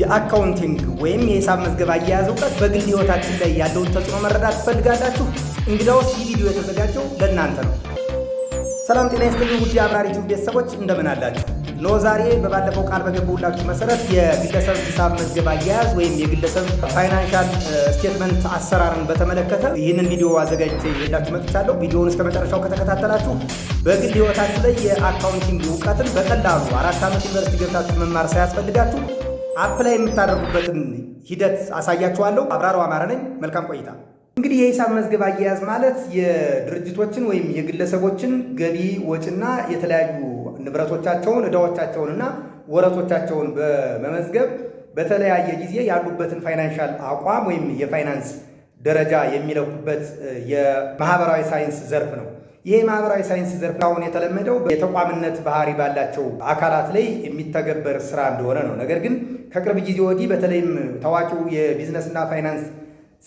የአካውንቲንግ ወይም የሂሳብ መዝገብ አያያዝ እውቀት በግል ህይወታችን ላይ ያለውን ተጽዕኖ መረዳት ትፈልጋላችሁ? እንግዳውስ ይህ ቪዲዮ የተዘጋጀው ለእናንተ ነው። ሰላም ጤና ይስጥልኝ ውድ የአብራሪ ቲዩብ ቤተሰቦች እንደምን አላችሁ? ኖ ዛሬ በባለፈው ቃል በገቡላችሁ መሰረት የግለሰብ ሂሳብ መዝገብ አያያዝ ወይም የግለሰብ ፋይናንሻል ስቴትመንት አሰራርን በተመለከተ ይህንን ቪዲዮ አዘጋጅ የላችሁ መጥቻለሁ። ቪዲዮውን እስከ መጨረሻው ከተከታተላችሁ በግል ህይወታችሁ ላይ የአካውንቲንግ እውቀትን በቀላሉ አራት ዓመት ዩኒቨርሲቲ ገብታችሁ መማር ሳያስፈልጋችሁ አፕላይ የምታደርጉበትን ሂደት አሳያችኋለሁ። አብራሩ አማረ ነኝ። መልካም ቆይታ። እንግዲህ የሂሳብ መዝገብ አያያዝ ማለት የድርጅቶችን ወይም የግለሰቦችን ገቢ ወጪና የተለያዩ ንብረቶቻቸውን ዕዳዎቻቸውንና ወረቶቻቸውን በመመዝገብ በተለያየ ጊዜ ያሉበትን ፋይናንሻል አቋም ወይም የፋይናንስ ደረጃ የሚለኩበት የማህበራዊ ሳይንስ ዘርፍ ነው። ይህ ማህበራዊ ሳይንስ ዘርፍ አሁን የተለመደው የተቋምነት ባህሪ ባላቸው አካላት ላይ የሚተገበር ስራ እንደሆነ ነው። ነገር ግን ከቅርብ ጊዜ ወዲህ በተለይም ታዋቂው የቢዝነስና ፋይናንስ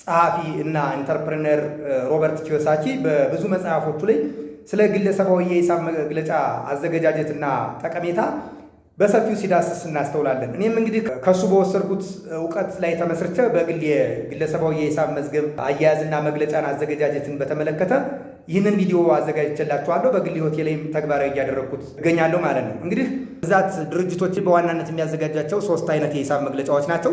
ጸሐፊ እና ኢንተርፕርነር ሮበርት ኪዮሳኪ በብዙ መጽሐፎቹ ላይ ስለ ግለሰባዊ የሂሳብ መግለጫ አዘገጃጀትና ጠቀሜታ በሰፊው ሲዳስስ እናስተውላለን። እኔም እንግዲህ ከእሱ በወሰድኩት እውቀት ላይ ተመስርቼ በግል የግለሰባዊ የሂሳብ መዝገብ አያያዝና መግለጫን አዘገጃጀትን በተመለከተ ይህንን ቪዲዮ አዘጋጅቼላችኋለሁ። በግል ህይወቴ ላይም ተግባራዊ እያደረግኩት እገኛለሁ ማለት ነው። እንግዲህ ብዛት ድርጅቶች በዋናነት የሚያዘጋጃቸው ሶስት አይነት የሂሳብ መግለጫዎች ናቸው።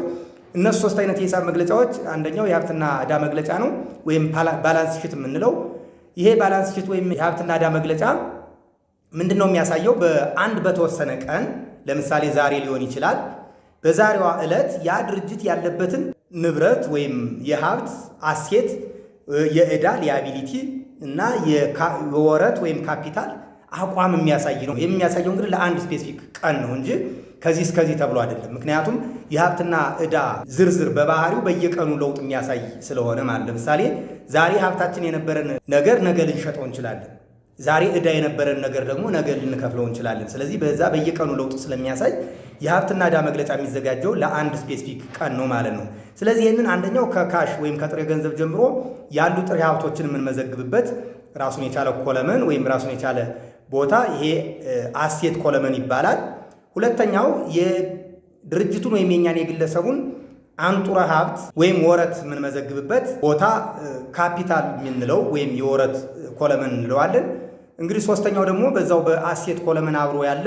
እነሱ ሶስት አይነት የሂሳብ መግለጫዎች፣ አንደኛው የሀብትና ዕዳ መግለጫ ነው ወይም ባላንስ ሽት የምንለው። ይሄ ባላንስ ሽት ወይም የሀብትና ዕዳ መግለጫ ምንድን ነው የሚያሳየው? በአንድ በተወሰነ ቀን ለምሳሌ ዛሬ ሊሆን ይችላል። በዛሬዋ ዕለት ያ ድርጅት ያለበትን ንብረት ወይም የሀብት አሴት፣ የዕዳ ሊያቢሊቲ እና የወረት ወይም ካፒታል አቋም የሚያሳይ ነው። የሚያሳየው እንግዲህ ለአንድ ስፔሲፊክ ቀን ነው እንጂ ከዚህ እስከዚህ ተብሎ አይደለም። ምክንያቱም የሀብትና እዳ ዝርዝር በባህሪው በየቀኑ ለውጥ የሚያሳይ ስለሆነ ማለት ለምሳሌ ዛሬ ሀብታችን የነበረን ነገር ነገ ልንሸጠው እንችላለን። ዛሬ እዳ የነበረን ነገር ደግሞ ነገ ልንከፍለው እንችላለን። ስለዚህ በዛ በየቀኑ ለውጥ ስለሚያሳይ የሀብትና ዕዳ መግለጫ የሚዘጋጀው ለአንድ ስፔሲፊክ ቀን ነው ማለት ነው። ስለዚህ ይህንን አንደኛው ከካሽ ወይም ከጥሬ ገንዘብ ጀምሮ ያሉ ጥሬ ሀብቶችን የምንመዘግብበት ራሱን የቻለ ኮለመን ወይም ራሱን የቻለ ቦታ ይሄ አሴት ኮለመን ይባላል። ሁለተኛው የድርጅቱን ወይም የኛን የግለሰቡን አንጡረ ሀብት ወይም ወረት የምንመዘግብበት ቦታ ካፒታል የምንለው ወይም የወረት ኮለመን እንለዋለን። እንግዲህ ሶስተኛው ደግሞ በዛው በአሴት ኮለመን አብሮ ያለ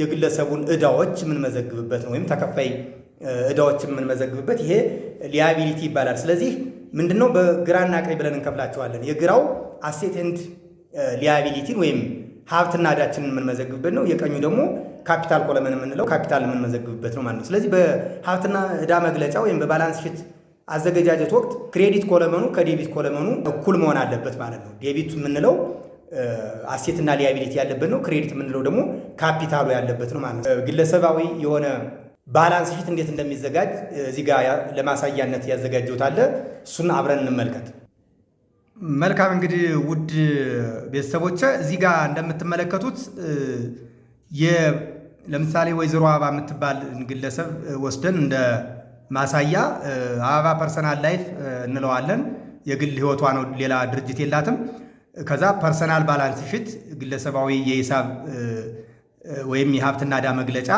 የግለሰቡን እዳዎች የምንመዘግብበት ነው፣ ወይም ተከፋይ እዳዎች የምንመዘግብበት ይሄ ሊያቢሊቲ ይባላል። ስለዚህ ምንድነው በግራና ቀኝ ብለን እንከፍላቸዋለን። የግራው አሴት ኤንድ ሊያቢሊቲን ወይም ሀብትና እዳችንን የምንመዘግብበት ነው። የቀኙ ደግሞ ካፒታል ኮለመን የምንለው ካፒታል የምንመዘግብበት ነው ማለት ነው። ስለዚህ በሀብትና እዳ መግለጫ ወይም በባላንስ ሽት አዘገጃጀት ወቅት ክሬዲት ኮለመኑ ከዴቢት ኮለመኑ እኩል መሆን አለበት ማለት ነው። ዴቢት የምንለው አሴትና ሊያቢሊቲ ያለበት ነው። ክሬዲት የምንለው ደግሞ ካፒታሉ ያለበት ነው ማለት ነው። ግለሰባዊ የሆነ ባላንስ ሺት እንዴት እንደሚዘጋጅ እዚህ ጋር ለማሳያነት ያዘጋጀሁት አለ። እሱን አብረን እንመልከት። መልካም እንግዲህ ውድ ቤተሰቦች እዚህ ጋር እንደምትመለከቱት ለምሳሌ ወይዘሮ አበባ የምትባል ግለሰብ ወስደን እንደ ማሳያ አበባ ፐርሰናል ላይፍ እንለዋለን። የግል ህይወቷ ነው፣ ሌላ ድርጅት የላትም። ከዛ ፐርሰናል ባላንስ ሽት ግለሰባዊ የሂሳብ ወይም የሀብትና ዕዳ መግለጫ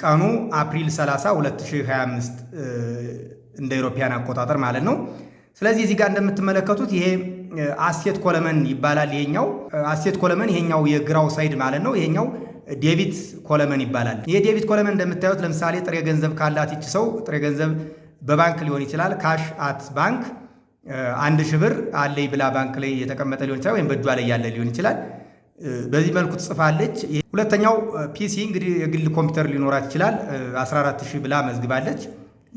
ቀኑ አፕሪል 30 2025 እንደ ኢሮፓያን አቆጣጠር ማለት ነው። ስለዚህ እዚህ ጋር እንደምትመለከቱት ይሄ አሴት ኮለመን ይባላል። ይሄኛው አሴት ኮለመን ይሄኛው የግራው ሳይድ ማለት ነው። ይሄኛው ዴቪት ኮለመን ይባላል። ይሄ ዴቪት ኮለመን እንደምታዩት ለምሳሌ ጥሬ ገንዘብ ካላት ይች ሰው ጥሬ ገንዘብ በባንክ ሊሆን ይችላል። ካሽ አት ባንክ አንድ ሺህ ብር አለይ ብላ ባንክ ላይ የተቀመጠ ሊሆን ይችላል፣ ወይም በእጇ ላይ ያለ ሊሆን ይችላል። በዚህ መልኩ ትጽፋለች። ሁለተኛው ፒሲ እንግዲህ የግል ኮምፒውተር ሊኖራት ይችላል። 14000 ብላ መዝግባለች።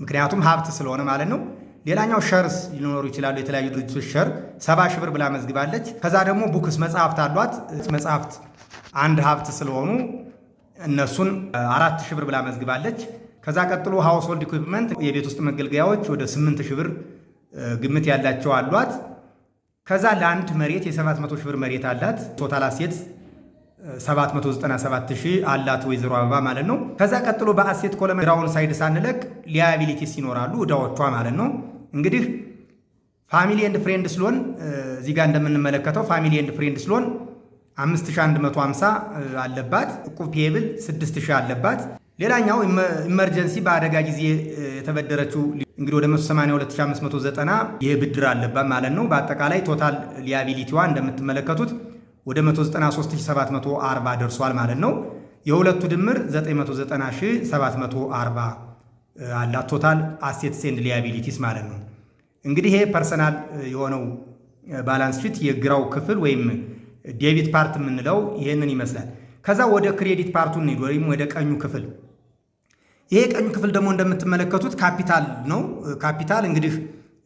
ምክንያቱም ሀብት ስለሆነ ማለት ነው። ሌላኛው ሸርስ ሊኖሩ ይችላሉ። የተለያዩ ድርጅቶች ሸር ሰባ ሺህ ብር ብላ መዝግባለች። ከዛ ደግሞ ቡክስ መጽሐፍት አሏት። መጽሐፍት አንድ ሀብት ስለሆኑ እነሱን 4000 ብር ብላ መዝግባለች። ከዛ ቀጥሎ ሃውስሆልድ ኢኩፕመንት የቤት ውስጥ መገልገያዎች ወደ 8000 ብር ግምት ያላቸው አሏት። ከዛ ለአንድ መሬት የ700 ሺህ ብር መሬት አላት። ቶታል አሴት 797 ሺህ አላት ወይዘሮ አበባ ማለት ነው። ከዛ ቀጥሎ በአሴት ኮለም ግራውን ሳይድ ሳንለቅ ሊያቢሊቲስ ይኖራሉ እዳዎቿ ማለት ነው። እንግዲህ ፋሚሊ ኤንድ ፍሬንድስ ሎን እዚህ ጋር እንደምንመለከተው ፋሚሊ ኤንድ ፍሬንድስ ሎን 5150 አለባት። እቁብ ፔብል 6000 አለባት። ሌላኛው ኢመርጀንሲ በአደጋ ጊዜ የተበደረችው እንግዲህ ወደ 182590 ይህ ብድር አለባት ማለት ነው። በአጠቃላይ ቶታል ሊያቢሊቲዋ እንደምትመለከቱት ወደ 193740 ደርሷል ማለት ነው። የሁለቱ ድምር 990740 አላት ቶታል አሴት ሴንድ ሊያቢሊቲስ ማለት ነው። እንግዲህ ይሄ ፐርሰናል የሆነው ባላንስ ሺት የግራው ክፍል ወይም ዴቢት ፓርት የምንለው ይህንን ይመስላል። ከዛ ወደ ክሬዲት ፓርቱ ወይም ወደ ቀኙ ክፍል ይሄ ቀኙ ክፍል ደግሞ እንደምትመለከቱት ካፒታል ነው። ካፒታል እንግዲህ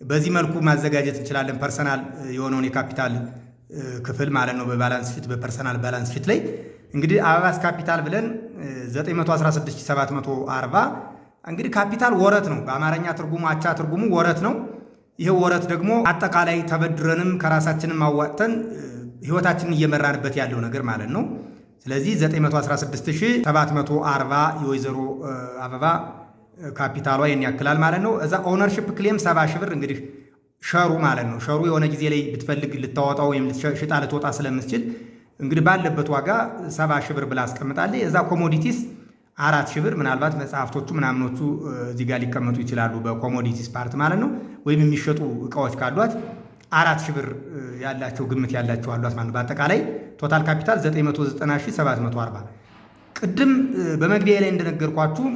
በዚህ መልኩ ማዘጋጀት እንችላለን። ፐርሰናል የሆነውን የካፒታል ክፍል ማለት ነው። በባላንስ ፊት በፐርሰናል ባላንስ ፊት ላይ እንግዲህ አበባስ ካፒታል ብለን 916740 እንግዲህ ካፒታል ወረት ነው። በአማርኛ ትርጉሙ አቻ ትርጉሙ ወረት ነው። ይህ ወረት ደግሞ አጠቃላይ ተበድረንም ከራሳችንም አዋጥተን ህይወታችንን እየመራንበት ያለው ነገር ማለት ነው። ስለዚህ 916740 የወይዘሮ አበባ ካፒታሏ ይህን ያክላል ማለት ነው። እዛ ኦነርሽፕ ክሌም 70 ሺህ ብር እንግዲህ ሸሩ ማለት ነው። ሸሩ የሆነ ጊዜ ላይ ብትፈልግ ልታወጣው ወይም ሽጣ ልትወጣ ስለምትችል እንግዲህ ባለበት ዋጋ 70 ሺህ ብር ብላ አስቀምጣለች። እዛ ኮሞዲቲስ አራት ሺህ ብር ምናልባት መጽሐፍቶቹ ምናምኖቹ እዚህ ጋር ሊቀመጡ ይችላሉ፣ በኮሞዲቲስ ፓርት ማለት ነው። ወይም የሚሸጡ እቃዎች ካሏት አራት ሺህ ብር ያላቸው ግምት ያላቸው አሏት ማለት ነው በአጠቃላይ ቶታል ካፒታል 990740 ቅድም በመግቢያ ላይ እንደነገርኳችሁ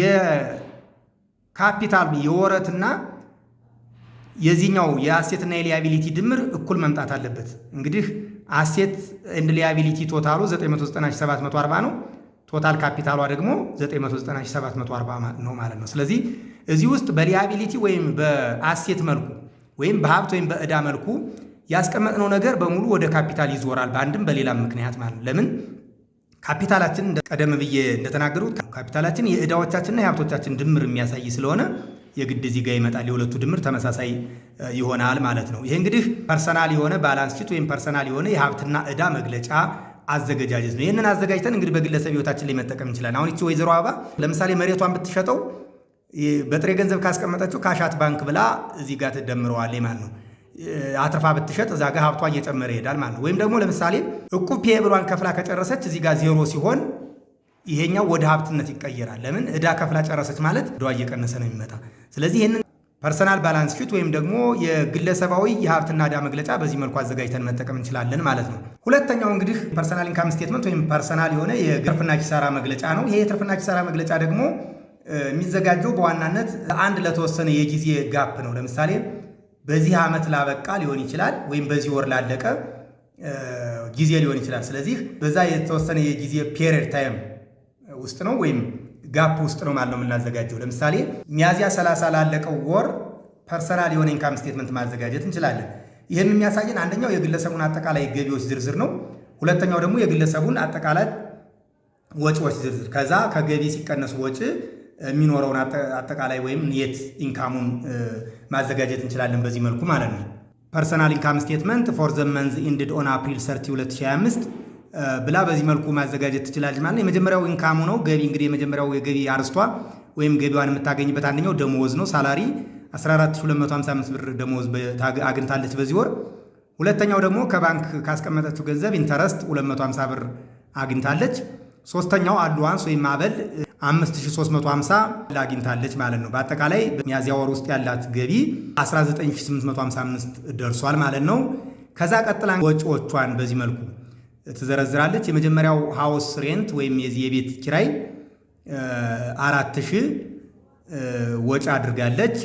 የካፒታል የወረትና የዚህኛው የአሴትና የሊያቢሊቲ ድምር እኩል መምጣት አለበት። እንግዲህ አሴት እንድ ሊያቢሊቲ ቶታሉ 990740 ነው። ቶታል ካፒታሏ ደግሞ 990740 ነው ማለት ነው። ስለዚህ እዚህ ውስጥ በሊያቢሊቲ ወይም በአሴት መልኩ ወይም በሀብት ወይም በእዳ መልኩ ያስቀመጥነው ነገር በሙሉ ወደ ካፒታል ይዞራል፣ በአንድም በሌላም ምክንያት ማለት ነው። ለምን ካፒታላችን ቀደም ብዬ እንደተናገሩት ካፒታላችን የእዳዎቻችንና የሀብቶቻችን ድምር የሚያሳይ ስለሆነ የግድ እዚህ ጋር ይመጣል። የሁለቱ ድምር ተመሳሳይ ይሆናል ማለት ነው። ይሄ እንግዲህ ፐርሰናል የሆነ ባላንስ ሺት ወይም ፐርሰናል የሆነ የሀብትና እዳ መግለጫ አዘገጃጀት ነው። ይህንን አዘጋጅተን እንግዲህ በግለሰብ ህይወታችን ላይ መጠቀም እንችላለን። አሁን ይቺ ወይዘሮ አበባ ለምሳሌ መሬቷን ብትሸጠው በጥሬ ገንዘብ ካስቀመጠችው ካሻት ባንክ ብላ እዚህ ጋር ትደምረዋለች ማለት ነው። አትርፋ ብትሸጥ እዛ ጋር ሀብቷ እየጨመረ ይሄዳል ማለት ነው። ወይም ደግሞ ለምሳሌ እቁብ ፔ ብሏን ከፍላ ከጨረሰች እዚህ ጋር ዜሮ ሲሆን ይሄኛው ወደ ሀብትነት ይቀየራል። ለምን እዳ ከፍላ ጨረሰች ማለት እዳ እየቀነሰ ነው የሚመጣ። ስለዚህ ይህንን ፐርሰናል ባላንስ ሺት ወይም ደግሞ የግለሰባዊ የሀብትና እዳ መግለጫ በዚህ መልኩ አዘጋጅተን መጠቀም እንችላለን ማለት ነው። ሁለተኛው እንግዲህ ፐርሰናል ኢንካም ስቴትመንት ወይም ፐርሰናል የሆነ የትርፍና ኪሳራ መግለጫ ነው። ይሄ የትርፍና ኪሳራ መግለጫ ደግሞ የሚዘጋጀው በዋናነት አንድ ለተወሰነ የጊዜ ጋፕ ነው። ለምሳሌ በዚህ ዓመት ላበቃ ሊሆን ይችላል፣ ወይም በዚህ ወር ላለቀ ጊዜ ሊሆን ይችላል። ስለዚህ በዛ የተወሰነ የጊዜ ፔሪድ ታይም ውስጥ ነው ወይም ጋፕ ውስጥ ነው ማለት ነው የምናዘጋጀው። ለምሳሌ ሚያዚያ 30 ላለቀው ወር ፐርሰናል የሆነ ኢንካም ስቴትመንት ማዘጋጀት እንችላለን። ይህም የሚያሳየን አንደኛው የግለሰቡን አጠቃላይ ገቢዎች ዝርዝር ነው። ሁለተኛው ደግሞ የግለሰቡን አጠቃላይ ወጪዎች ዝርዝር ከዛ ከገቢ ሲቀነሱ ወጪ የሚኖረውን አጠቃላይ ወይም የት ኢንካሙን ማዘጋጀት እንችላለን በዚህ መልኩ ማለት ነው። ፐርሰናል ኢንካም ስቴትመንት ፎር ዘ መንዝ ኢንድድ ኦን አፕሪል 30 2025 ብላ በዚህ መልኩ ማዘጋጀት ትችላለች ማለት ነው። የመጀመሪያው ኢንካሙ ነው ገቢ። እንግዲህ የመጀመሪያው የገቢ አርስቷ ወይም ገቢዋን የምታገኝበት አንደኛው ደመወዝ ነው። ሳላሪ 14255 ብር ደመወዝ አግኝታለች በዚህ ወር። ሁለተኛው ደግሞ ከባንክ ካስቀመጠችው ገንዘብ ኢንተረስት 250 ብር አግኝታለች። ሶስተኛው አድዋንስ ወይም አበል 5350 ላግኝታለች ማለት ነው። በአጠቃላይ በሚያዝያ ወር ውስጥ ያላት ገቢ 19855 ደርሷል ማለት ነው። ከዛ ቀጥላ ወጪዎቿን በዚህ መልኩ ትዘረዝራለች። የመጀመሪያው ሃውስ ሬንት ወይም የዚህ የቤት ኪራይ 4000 ወጪ አድርጋለች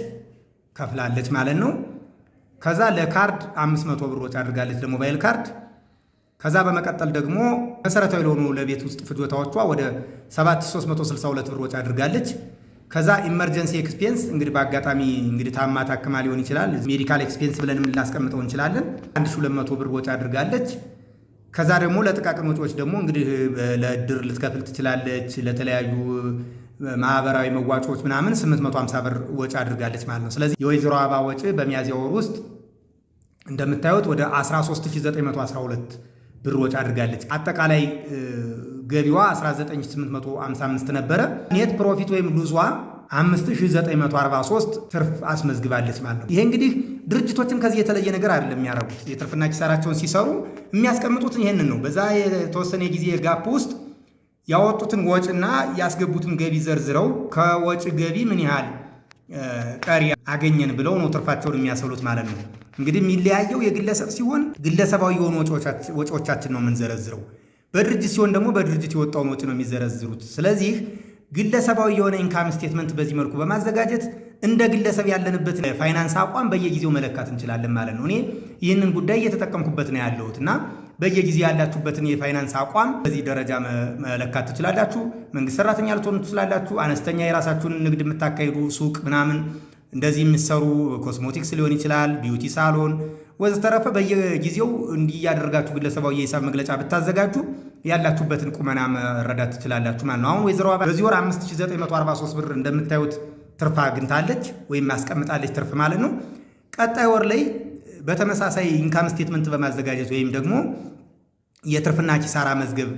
ከፍላለች ማለት ነው። ከዛ ለካርድ 500 ብር ወጪ አድርጋለች ለሞባይል ካርድ። ከዛ በመቀጠል ደግሞ መሰረታዊ ለሆኑ ለቤት ውስጥ ፍጆታዎቿ ወደ 7362 ብር ወጪ አድርጋለች። ከዛ ኢመርጀንሲ ኤክስፔንስ እንግዲህ በአጋጣሚ እንግዲህ ታማ ታክማ ሊሆን ይችላል። ሜዲካል ኤክስፔንስ ብለን ልናስቀምጠው እንችላለን። 1200 ብር ወጪ አድርጋለች። ከዛ ደግሞ ለጥቃቅን ወጪዎች ደግሞ እንግዲህ ለእድር ልትከፍል ትችላለች። ለተለያዩ ማህበራዊ መዋጮዎች ምናምን 850 ብር ወጪ አድርጋለች ማለት ነው። ስለዚህ የወይዘሮ አበባ ወጪ በሚያዝያ ወር ውስጥ እንደምታዩት ወደ 13912 ብር ወጪ አድርጋለች። አጠቃላይ ገቢዋ 19855 ነበረ። ኔት ፕሮፊት ወይም ሉዟ 5943 ትርፍ አስመዝግባለች ማለት ነው። ይሄ እንግዲህ ድርጅቶችን ከዚህ የተለየ ነገር አይደለም የሚያደርጉት። የትርፍና ኪሳራቸውን ሲሰሩ የሚያስቀምጡትን ይህንን ነው። በዛ የተወሰነ ጊዜ ጋፕ ውስጥ ያወጡትን ወጪና ያስገቡትን ገቢ ዘርዝረው ከወጪ ገቢ ምን ያህል ቀሪ አገኘን ብለው ነው ትርፋቸውን የሚያሰሉት ማለት ነው። እንግዲህ የሚለያየው የግለሰብ ሲሆን ግለሰባዊ የሆኑ ወጪዎቻችን ነው የምንዘረዝረው። በድርጅት ሲሆን ደግሞ በድርጅት የወጣውን ወጪ ነው የሚዘረዝሩት። ስለዚህ ግለሰባዊ የሆነ ኢንካም ስቴትመንት በዚህ መልኩ በማዘጋጀት እንደ ግለሰብ ያለንበትን ፋይናንስ አቋም በየጊዜው መለካት እንችላለን ማለት ነው። እኔ ይህንን ጉዳይ እየተጠቀምኩበት ነው ያለሁት እና በየጊዜው ያላችሁበትን የፋይናንስ አቋም በዚህ ደረጃ መለካት ትችላላችሁ። መንግስት ሰራተኛ ልትሆኑ ትችላላችሁ። አነስተኛ የራሳችሁን ንግድ የምታካሂዱ ሱቅ ምናምን እንደዚህ የምትሰሩ ኮስሞቲክስ ሊሆን ይችላል፣ ቢዩቲ ሳሎን ወዘተረፈ በየጊዜው እንዲህ ያደረጋችሁ ግለሰባዊ የሂሳብ መግለጫ ብታዘጋጁ ያላችሁበትን ቁመና መረዳት ትችላላችሁ ማለት ነው። አሁን ወይዘሮ በዚህ ወር 5943 ብር እንደምታዩት ትርፍ አግኝታለች ወይም ያስቀምጣለች ትርፍ ማለት ነው። ቀጣይ ወር ላይ በተመሳሳይ ኢንካም ስቴትመንት በማዘጋጀት ወይም ደግሞ የትርፍና ኪሳራ መዝገብ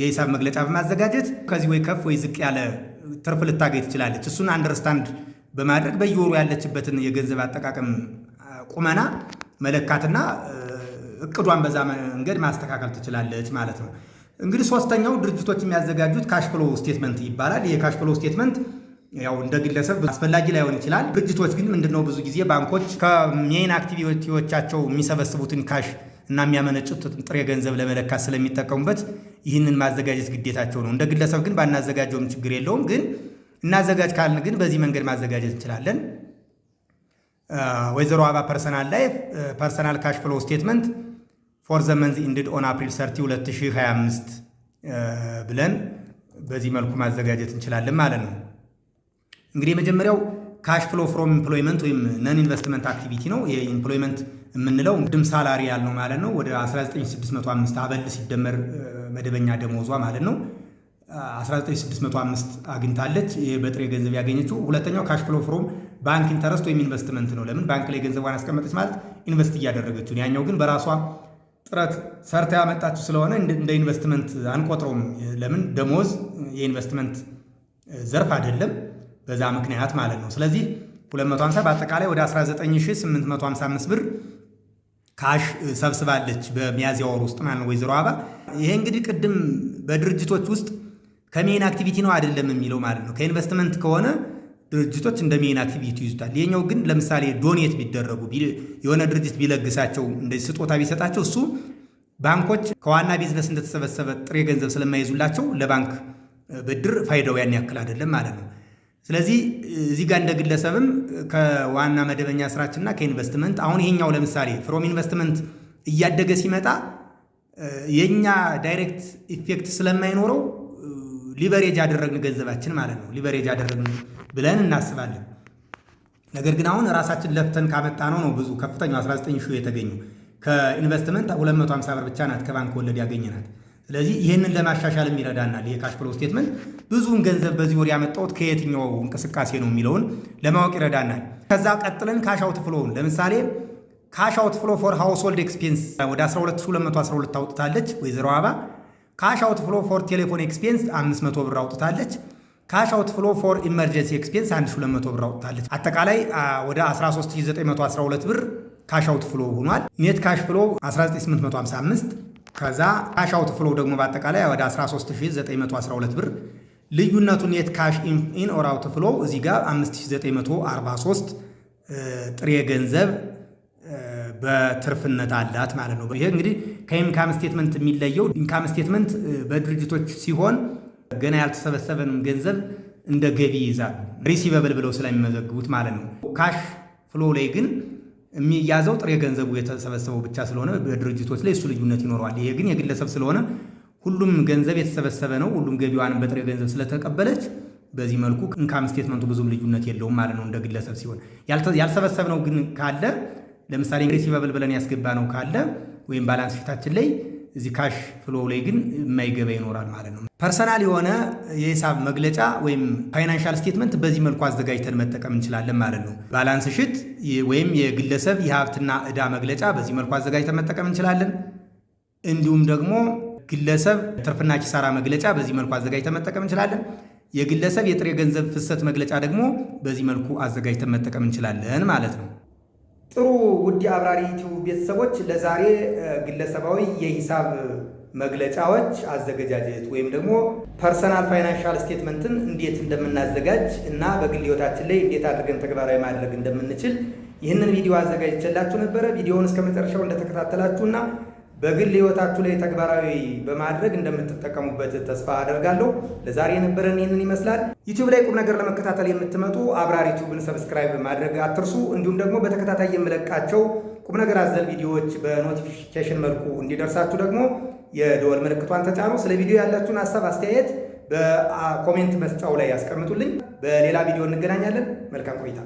የሂሳብ መግለጫ በማዘጋጀት ከዚህ ወይ ከፍ ወይ ዝቅ ያለ ትርፍ ልታገኝ ትችላለች። እሱን አንደርስታንድ በማድረግ በየወሩ ያለችበትን የገንዘብ አጠቃቀም ቁመና መለካትና እቅዷን በዛ መንገድ ማስተካከል ትችላለች ማለት ነው። እንግዲህ ሶስተኛው ድርጅቶች የሚያዘጋጁት ካሽፍሎ ስቴትመንት ይባላል። ይህ ካሽፍሎ ስቴትመንት ያው እንደ ግለሰብ አስፈላጊ ላይሆን ይችላል። ድርጅቶች ግን ምንድነው ብዙ ጊዜ ባንኮች ከሜን አክቲቪቲዎቻቸው የሚሰበስቡትን ካሽ እና የሚያመነጩት ጥሬ ገንዘብ ለመለካት ስለሚጠቀሙበት ይህንን ማዘጋጀት ግዴታቸው ነው። እንደ ግለሰብ ግን ባናዘጋጀውም ችግር የለውም ግን እናዘጋጅ ካልን ግን በዚህ መንገድ ማዘጋጀት እንችላለን። ወይዘሮ አባ ፐርሰናል ላይ ፐርሰናል ካሽ ፍሎ ስቴትመንት ፎር ዘ መንዝ ኢንድድ ኦን አፕሪል ሰርቲ 2025 ብለን በዚህ መልኩ ማዘጋጀት እንችላለን ማለት ነው። እንግዲህ የመጀመሪያው ካሽ ፍሎ ፍሮም ኢምፕሎይመንት ወይም ነን ኢንቨስትመንት አክቲቪቲ ነው። ኢምፕሎይመንት የምንለው ድም ሳላሪ ያልነው ማለት ነው። ወደ 19605 አበል ሲደመር መደበኛ ደመወዟ ማለት ነው። 19605 አግኝታለች። ይሄ በጥሬ ገንዘብ ያገኘችው። ሁለተኛው ካሽ ፍሎ ፍሮም ባንክ ኢንተረስት ወይም ኢንቨስትመንት ነው። ለምን ባንክ ላይ ገንዘቧን አስቀመጠች ማለት ኢንቨስት እያደረገችው፣ ያኛው ግን በራሷ ጥረት ሰርታ ያመጣችው ስለሆነ እንደ ኢንቨስትመንት አንቆጥረውም። ለምን ደሞዝ የኢንቨስትመንት ዘርፍ አይደለም፣ በዛ ምክንያት ማለት ነው። ስለዚህ 250 በአጠቃላይ ወደ 19855 ብር ካሽ ሰብስባለች በሚያዝያ ወር ውስጥ ማለት ነው ወይዘሮ አባ ይሄ እንግዲህ ቅድም በድርጅቶች ውስጥ ከሜን አክቲቪቲ ነው አይደለም የሚለው ማለት ነው። ከኢንቨስትመንት ከሆነ ድርጅቶች እንደ ሜን አክቲቪቲ ይዙታል። ይሄኛው ግን ለምሳሌ ዶኔት ቢደረጉ የሆነ ድርጅት ቢለግሳቸው እንደዚህ ስጦታ ቢሰጣቸው እሱ ባንኮች ከዋና ቢዝነስ እንደተሰበሰበ ጥሬ ገንዘብ ስለማይዙላቸው ለባንክ ብድር ፋይዳው ያን ያክል አይደለም ማለት ነው። ስለዚህ እዚህ ጋር እንደ ግለሰብም ከዋና መደበኛ ስራችንና ከኢንቨስትመንት አሁን ይሄኛው ለምሳሌ ፍሮም ኢንቨስትመንት እያደገ ሲመጣ የእኛ ዳይሬክት ኢፌክት ስለማይኖረው ሊበሬጅ ያደረግን ገንዘባችን ማለት ነው። ሊቨሬጅ ያደረግን ብለን እናስባለን። ነገር ግን አሁን ራሳችን ለፍተን ካመጣ ነው ነው ብዙ ከፍተኛው 19 ሺህ የተገኙ ከኢንቨስትመንት 250 ብር ብቻ ናት ከባንክ ወለድ ያገኘናት። ስለዚህ ይህንን ለማሻሻል ይረዳናል። ይሄ ካሽ ፍሎ ስቴትመንት ብዙውን ገንዘብ በዚህ ወር ያመጣሁት ከየትኛው እንቅስቃሴ ነው የሚለውን ለማወቅ ይረዳናል። ከዛ ቀጥለን ካሽ አውት ፍሎውን ለምሳሌ ካሽ አውት ፍሎ ፎር ሃውስሆልድ ኤክስፔንስ ወደ 12212 አውጥታለች ወይዘሮ አበባ ካሽ አውት ፍሎ ፎር ቴሌፎን ኤክስፔንስ 500 ብር አውጥታለች። ካሽ አውት ፍሎ ፎር ኢመርጀንሲ ኤክስፔንስ 1200 ብር አውጥታለች። አጠቃላይ ወደ 13912 ብር ካሽ አውት ፍሎ ሆኗል። ኔት ካሽ ፍሎ 19855 ከዛ ካሽ አውት ፍሎ ደግሞ በአጠቃላይ ወደ 13912 ብር ልዩነቱ ኔት ካሽ ኢን ኦር አውት ፍሎ እዚህ ጋር 5943 ጥሬ ገንዘብ በትርፍነት አላት ማለት ነው። ይሄ እንግዲህ ከኢንካም ስቴትመንት የሚለየው ኢንካም ስቴትመንት በድርጅቶች ሲሆን ገና ያልተሰበሰበንም ገንዘብ እንደ ገቢ ይይዛል ሪሲቨብል ብለው ስለሚመዘግቡት ማለት ነው። ካሽ ፍሎ ላይ ግን የሚያዘው ጥሬ ገንዘቡ የተሰበሰበው ብቻ ስለሆነ በድርጅቶች ላይ እሱ ልዩነት ይኖረዋል። ይሄ ግን የግለሰብ ስለሆነ ሁሉም ገንዘብ የተሰበሰበ ነው። ሁሉም ገቢዋንም በጥሬ ገንዘብ ስለተቀበለች በዚህ መልኩ ኢንካም ስቴትመንቱ ብዙም ልዩነት የለውም ማለት ነው። እንደ ግለሰብ ሲሆን ያልሰበሰብነው ግን ካለ ለምሳሌ ሪሲቨብል ብለን ያስገባ ነው ካለ ወይም ባላንስ ፊታችን ላይ እዚህ ካሽ ፍሎ ላይ ግን የማይገባ ይኖራል ማለት ነው። ፐርሰናል የሆነ የሂሳብ መግለጫ ወይም ፋይናንሻል ስቴትመንት በዚህ መልኩ አዘጋጅተን መጠቀም እንችላለን ማለት ነው። ባላንስ ሽት ወይም የግለሰብ የሀብትና እዳ መግለጫ በዚህ መልኩ አዘጋጅተን መጠቀም እንችላለን። እንዲሁም ደግሞ ግለሰብ ትርፍና ኪሳራ መግለጫ በዚህ መልኩ አዘጋጅተን መጠቀም እንችላለን። የግለሰብ የጥሬ ገንዘብ ፍሰት መግለጫ ደግሞ በዚህ መልኩ አዘጋጅተን መጠቀም እንችላለን ማለት ነው። ጥሩ ውድ አብራሪ ዩቲዩብ ቤተሰቦች ለዛሬ ግለሰባዊ የሂሳብ መግለጫዎች አዘገጃጀት ወይም ደግሞ ፐርሰናል ፋይናንሻል ስቴትመንትን እንዴት እንደምናዘጋጅ እና በግል ህይወታችን ላይ እንዴት አድርገን ተግባራዊ ማድረግ እንደምንችል ይህንን ቪዲዮ አዘጋጅቼላችሁ ነበረ። ቪዲዮውን እስከ መጨረሻው እንደተከታተላችሁና በግል ህይወታችሁ ላይ ተግባራዊ በማድረግ እንደምትጠቀሙበት ተስፋ አደርጋለሁ። ለዛሬ የነበረን ይህንን ይመስላል። ዩቲዩብ ላይ ቁም ነገር ለመከታተል የምትመጡ አብራር ዩቲዩብን ሰብስክራይብ ማድረግ አትርሱ። እንዲሁም ደግሞ በተከታታይ የምለቃቸው ቁም ነገር አዘል ቪዲዮዎች በኖቲፊኬሽን መልኩ እንዲደርሳችሁ ደግሞ የደወል ምልክቷን ተጫኑ። ስለ ቪዲዮ ያላችሁን ሀሳብ አስተያየት በኮሜንት መስጫው ላይ ያስቀምጡልኝ። በሌላ ቪዲዮ እንገናኛለን። መልካም ቆይታ